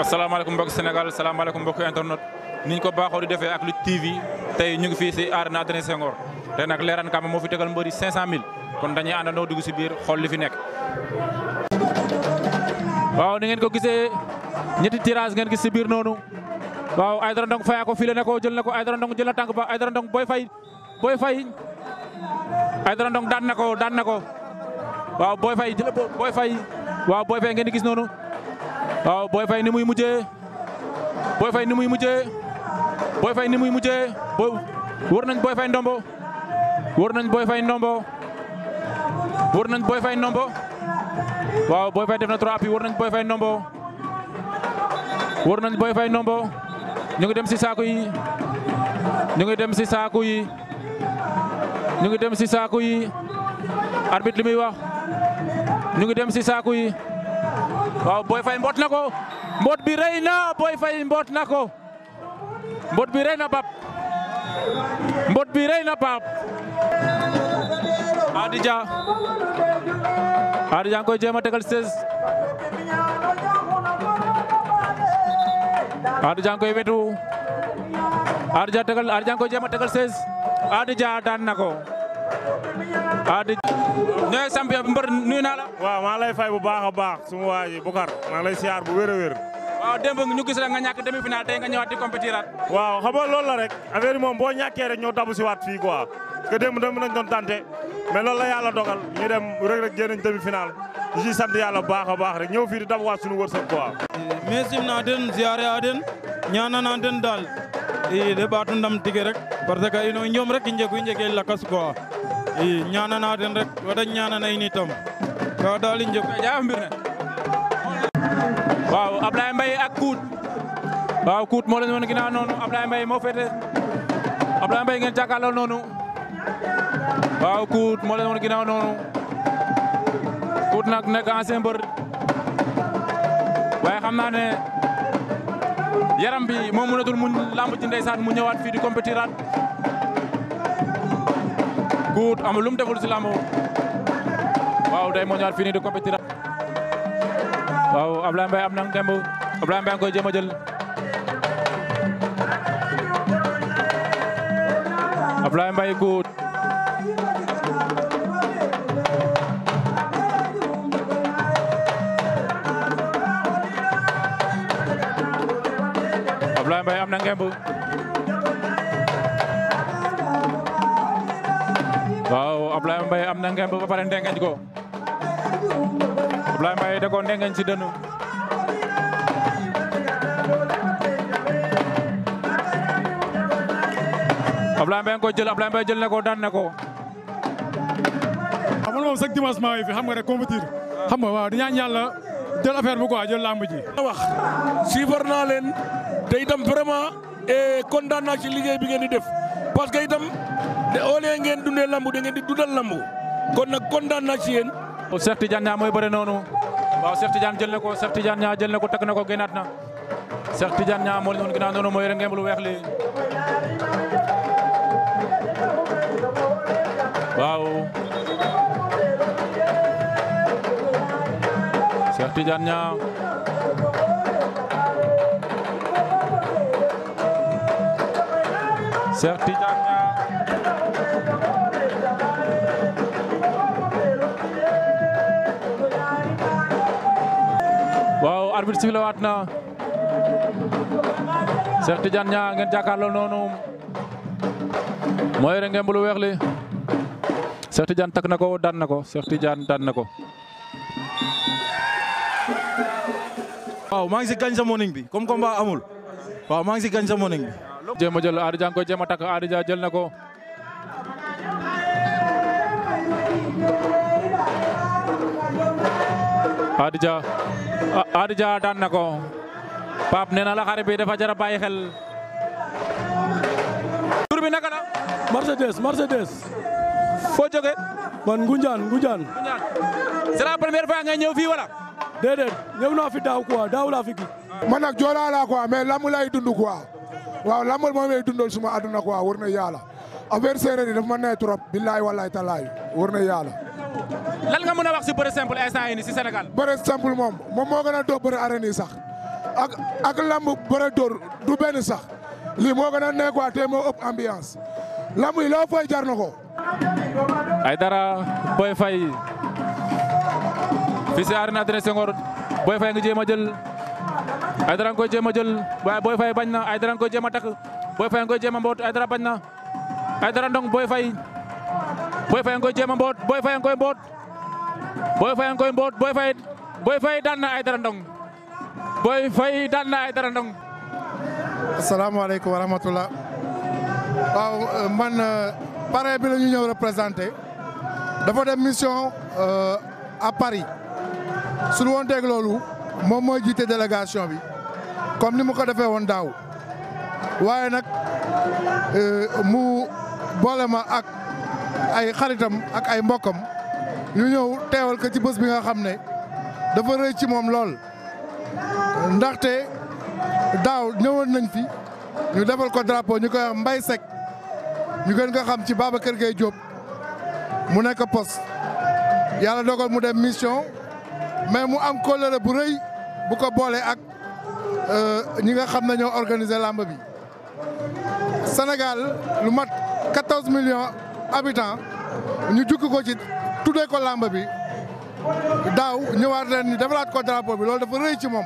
asalaamaaleykum mbokk Sénégal asalaamaaleykum mbokk internet niñ ko baaxoo di defee ak Lutte TV tey ñu ngi fii si arena Adrien Senghor tey nag Leeraan Kama moo fi tegal mbëri 500000 kon dañuy àndandoo dugg si biir xool li fi nekk. waaw ni ngeen ko gisee ñetti tirage ngeen gis si biir noonu waaw Aïdara Ndong fayaa ko fii la ko jël na ko Aïdara Ndong jël na tànk ba Aïdara Ndong booy fay boy fay Aïdara Ndong daan na ko daan na ko waaw booy fay jël booy fay fay ngeen gis noonu. waaw Boy Faye ni muy mujjee Boy Faye ni muy mujjee Boy Faye ni muy mujjee booy wër nañ Boy Faye ndombo wër nañ Boy Faye ndombo wër nañ Boy Faye ndombo waaw Boy Faye def na trois appuis wër nañ Boy Faye ndombo wër nañ Boy Faye ndombo ñu ngi dem si saaku yi ñu ngi dem si saaku yi ñu ngi dem si saaku yi arbitre li muy wax ñu ngi dem si saaku yi waaw booy Faye mbot na ko mbot bi rey na Boy fay mbot na ko mbot bi rey na Pape mbot bi rey na Pape Adja Adja koy jéem a tegal 16 Adja koy wetu Adja tegal Adja koy jéem a tegal 16 Adja daan na ko ah di ñooy champion bi mbër nuyu naa la. waaw maa lay fay bu baax a baax suma waa ji Boucar maa lay siyaar bu wér a wér. waaw démb ñu gis la nga ñàkk demi final tey nga ñëwaat di compétiraat. waaw xam nga loolu la rek affaire yi moom boo ñàkkee rek ñoo dabu si waat fii quoi que démb dem nañ doon tante mais loolu la yàlla dogal ñu dem rek rek génn demi final ñu ciy sant yàlla bu baax a baax rek ñëw fii di dabuwaat suñu wërsëg quoi. mais sim naa den ziare a den ñaana i ñaanana den rek wada ñaanana in itam ga daal i njeg ja mbir ne waaw Ablaye Mbaye ak Kout waaw Kout moo leen woon ginnaaw noonu Ablaye Mbaye moo féete Ablaye Mbaye ngeen jàkkaarloo noonu waaw Kout moo leen woon ginnaaw noonu Kout nag nekk ancien mbër waaye xam naa yaram bi moo mënatul mu làmb ji ndeysaan mu ñëwaat fii di compétiraat guut amul lu mu deful si lamb waaw day moñaat fii nii di compétir waaw Ablaye Mbaye am na ngemb Ablaye Mbaye koy jéem a jël Ablaye Mbaye guut Ablaye Mbaye am na ngemb xam na ngemb ba pare ndengeñ ko Ablaye Mbaye da ko ndengeñ ci dënnu Ablaye Mbaye ko jël Ablaye Mbaye jël na ko daan na ko man moom chaque dimanche maa ngi fi xam nga rek compétir xam nga waaw di ñaan yàlla jël affaire bi quoi jël lamb ji wax suivre naa leen te itam vraiment kontaan naa ci liggéey bi ngeen di def parce que itam au lieu ngeen dundee lamb da di dundal lamb kon nag kontaan naa ci yéen. Cheikh Tidiane Niang mooy bëre noonu waaw Cheikh Tidiane jël na ko Cheikh jël na ko takk na ko génnaat na Cheikh Tidiane Niang moo leen ginnaaw lu weex li waaw Cheikh Tidiane Niang Cheikh arbitre sifflé waat na Cheikh Tidiane Niang ngeen jàkkaarloo noonu moo yore ngeen bulu weex li Cheikh Tidiane takk na ko daan na ko Cheikh Tidiane daan na ko. waaw maa ngi si gañ sa morning bi comme combat amul waaw maa si gañ sa morning bi. jéem a jël Adja koy jéem a takk Adja jël na ko. Adja. Ady Dia daan na ko Pape la xare bi dafa bàyyi xel. tur bi naka la. Mercedes Mercedes. foo jógee. man Ngunjaan Ngunjaan. c'est la première fois ñëw fii wala. déedéet ñëw naa fi daaw quoi daaw laa fi gi. man nag Joola laa quoi mais lamb lay dund quoi waaw lamb lay dundal suma àdduna quoi war na yàlla. affaire séeréer yi daf ma nee trop. billaay wallaay talaay war na yàlla. lan nga mën a wax si bëre simple instant ini nii si Sénégal. bëre simple moom moo gën a dóor bëre arène sax ak ak lamb bëre dóor du benn sax lii moo gën a nekk quoi te moo ëpp ambiance lamb yi loo fay jar na ko. ay dara Boy Faye fii si arène Adrien Senghor Boy Faye nga jéem a jël ay dara nga koy jéem a jël waaye Boy Faye bañ na ay dara nga koy jéem a takk Boy Faye nga koy jéem a ay dara bañ na. Aydara Ndong Boy Faye Boy Faye nga koy jéem a mboot booy Faye nga koy mboot booy Faye nga koy mboot Boy Faye Boy Faye daan na Aydara Ndong Boy Faye waaw euh, man euh, pare bi ñu ñëw représenté dafa dem mission euh, à Paris suñu woon teeg loolu moom mooy jiite délégation bi comme ni mu ko defee woon daaw waaye nag mu boole ma ak ay xaritam ak ay mbokkam ñu ñëw teewal ko ci bés bi nga xam ne dafa rëy ci moom lool ndaxte daaw ñëwoon nañ fi ñu defal ko drapeau ñu koy mbay Mbaye ñu gën ko xam ci Babacar Gueye Diop mu nekk pos yàlla dogal mu dem mission mais mu am kóllëre bu rëy bu ko boole ak euh, ñi nga xam ne ñoo organiser làmb bi Sénégal lu mat 14 millions habitants ñu jukki ko ci tuddee ko làmb bi daaw ñëwaat leen ñu defaraat ko drapeau bi loolu dafa ci moom.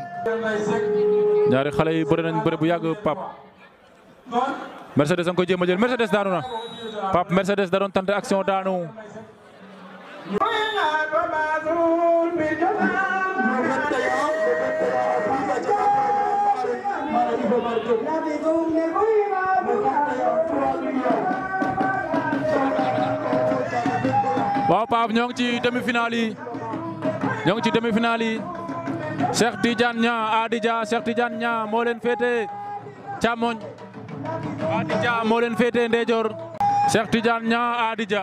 ñaari xale yi bëri nañ bëri bu yàgg pap Mercedes da koy jéem a jël Mercedes daanu na Pape Mercedes da doon tenter daanu. Pape ñoo ci demi-finale yi ñoo ngi ci Adija Cheikh Tidiane Niang moo leen féete càmmoñ Adija moo leen féete ndeyjoor Cheikh Tidiane Adija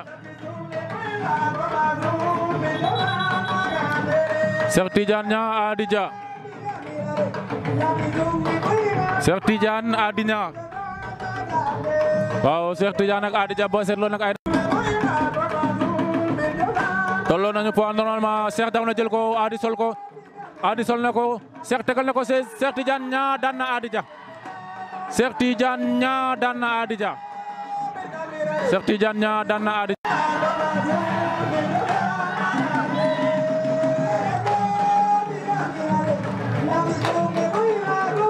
Cheikh Tidiane Niang Adija Cheikh Tidiane Adija waaw Cheikh Tidiane Adija boo seetloo nag ay tolloo nañu point normalement Cheikh daw na jël ko Adi sol ko Adi sol na ko Cheikh tegal na ko Cheikh Tidiane ñaa daan na Adi Dia Cheikh ñaa daan na Adi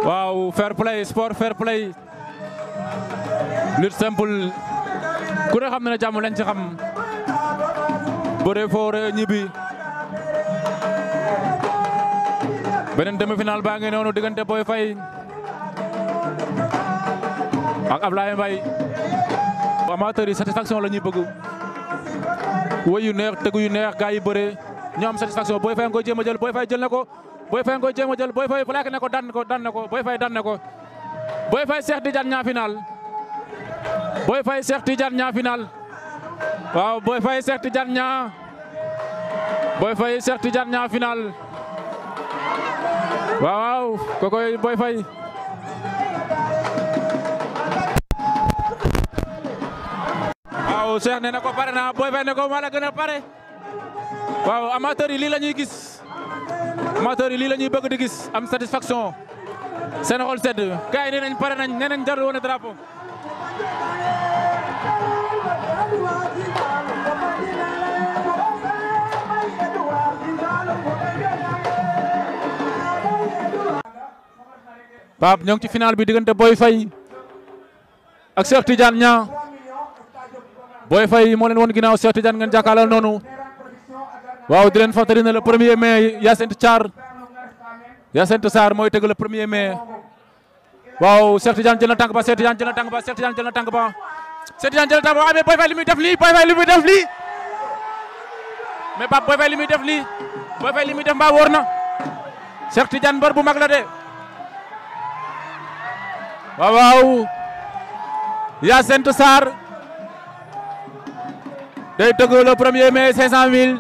waaw fair play sport fair play lutte simple ku ne xam na ne jàmm lañ ci xam bëre foore ñibbi beneen demi-finale baa ngi noonu diggante booy Faye ak Ablaye Mbaye amateur yi satisfaction la ñuy bëgg woy yu neex tegu yu neex gaa yi bëre ñoo am satisfaction Boy Faye nga koy jéem a ko booy Faye nga koy jéem a jël Boy ko daan ko daan na ko Boy fay daan na ko Boy Faye Cheikh Tidiane ñaa final Boy Faye Cheikh Tidiane ñaa final waaw booy Faye Cheikh Tidiane Niang Boy Faye Cheikh Tidiane Niang final waaw waaw kokoy Boy Faye waaw Cheikh nee ko pare na Boy Faye ne ko maa la gën a pare waaw amateur yi lii lañuy gis amateur yi lii la ñuy bëgg di gis am satisfaction seen xol sedd gars yi nañ pare nañ nee nañ jarul woon drapeau Pape ñoo ngi ci final bi diggante booy Faye ak Cheikh Tidiane Niang Boy Faye moo leen woon ginnaaw Cheikh Tidiane ngeen jàkkaarloo noonu waaw di leen fàttali ne mais premier mai Yacine Thiar Yacine Sarr mooy tëgg le premier mais waaw Cheikh Tidiane jël na tànk ba Cheikh Tidiane jël na tànk ba Cheikh Tidiane ba Cheikh Tidiane Diallo Tamba waaye mais Boy Faye li def lii Boy Faye li muy def lii mais Pape Boy Faye li muy def lii Boy Faye li muy def mbaa wóor na Cheikh Tidiane mbër bu mag la de waaw waaw yaa sentu Sarr day tëgg le premier mai 500000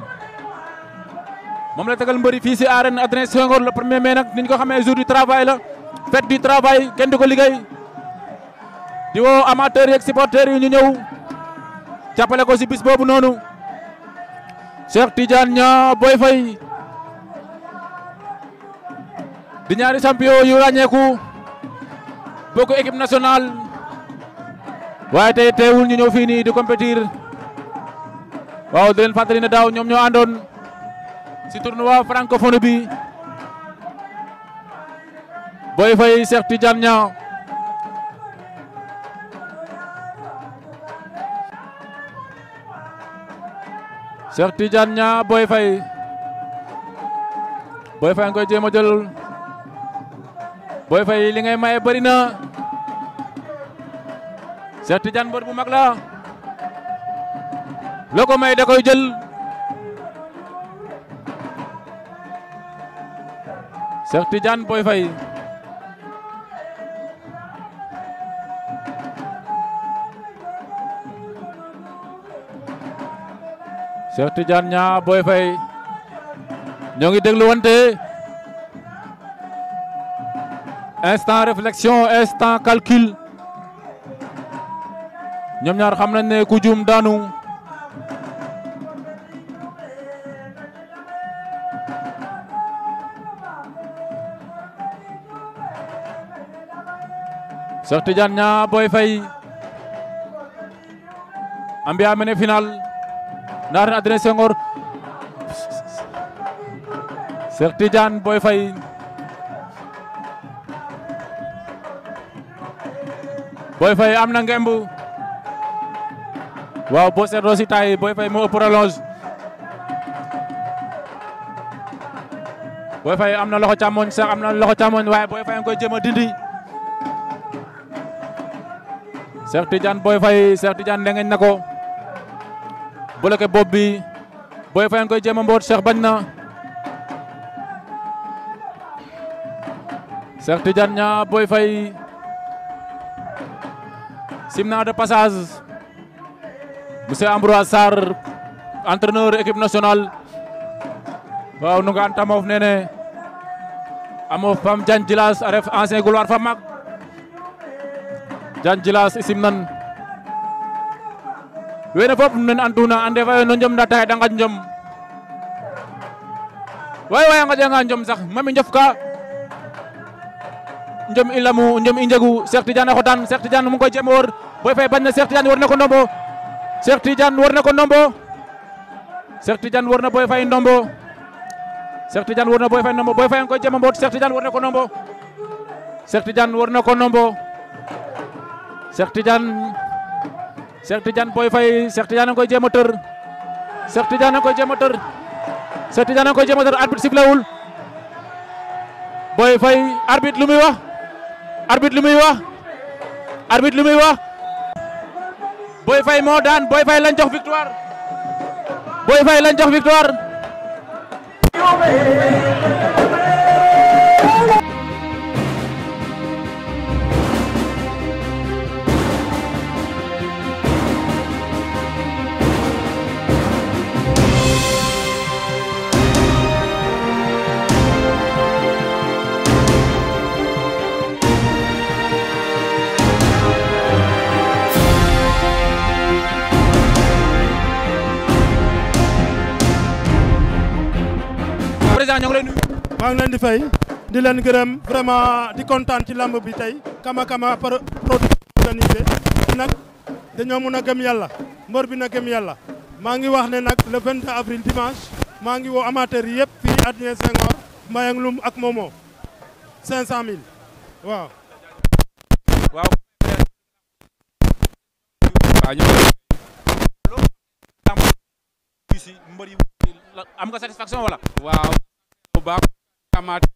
moom la tëggal mbëri fii si arène Adrien Senghor le premier mai nag ni ko xamee jour du travail la fête du travail kenn du ko liggéey. di woo amateurs yeeg supporters yi ñu ñëw jàppale ko si bis boobu noonu Cheikh tiijaan ña Boy Faye di ñaari champion yu ràññeeku bokk équipe nationale waaye tey teewul ñu ñëw fii nii di compétir waaw di leen fàttali daaw ñoom ñoo àndoon si tournoi francophone bi Boy Faye Cheikh Tidiane ña Cheikh Tidiane Niang Boy Faye Boy Faye nga koy jéem Boy Faye li ngay maye bëri na Cheikh Tidiane mbër bu mag la loo ko may da koy jël Cheikh Tidiane Boy fay Cheikh Tidiane Niang Boy Faye ñoo ngi déglu wante instant réflexion instant calcul ñoom xam nañ ne ku juum daanu Cheikh Tidiane Niang Boy Faye ambiya mene final na arène Adrien Senghor booy Tidiane Boy Faye am na ngemb waaw boo seetloo booy taay Boy ëpp rallonge Boy Faye am na loxo càmmoñ Cheikh am na loxo càmmoñ waaye Boy Faye nga koy jéem a dindi Cheikh Tidiane Boy Faye Cheikh Tidiane ndengeñ na ko bloqué bopp bi Boy Faye koy jéem mboot Cheikh bañ na. Cheikh Tidiane Niang Boy fay simna de passage monsieur Ambroise Sarr entraîneur équipe nationale waaw nu nga an tamoof nene pam Diagne Djilas a ref ancien gloire fa maak Diagne Djilas i simnan wene fop nen anduna ande fayo no njom nda taxe de ngaƴ njom waay waay a ngaƴanga njom sax mami njof ka njom i lamu njom i njegu Cheikh Tidiane a xotan Cheikh Tidiane mu koy jem wor Boy Faye bañ na Cheikh Tidiane war na ko ndombo Cheikh Tidiane war na ko ndombo Cheikh war na Boy Faye ndombo Cheikh Tidiane war na Boy Faye ndombo Boy Faye koy jema na ko ndombo Cheikh Tidiane war na ko ndombo Cheikh Tidiane Cheikh Tidiane Boy Faye Cheikh Tidiane nga koy jéem a tër Cheikh Tidiane nga koy jéem tër Cheikh Tidiane nga koy jéem tër arbitre sifflewul Boy Faye arbitre lu muy wax arbitre lu muy wax arbitre lu muy wax Boy Faye moo daan booy Faye lañ jox victoire booy Faye lañ jox victoire Kara ñoo ngi maa ngi leen di fay di leen gërëm vraiment di kontaan ci lamb bi tey kama kama produit organisé nag dañoo mun a gëm yàlla mbër bi na gëm yàlla maa ngi wax ne nag le 20 avril dimanche maa ngi woo amateur yëpp fii Adrien Senghor Mbayang Loum ak Momo cent waaw. waaw. waaw. baax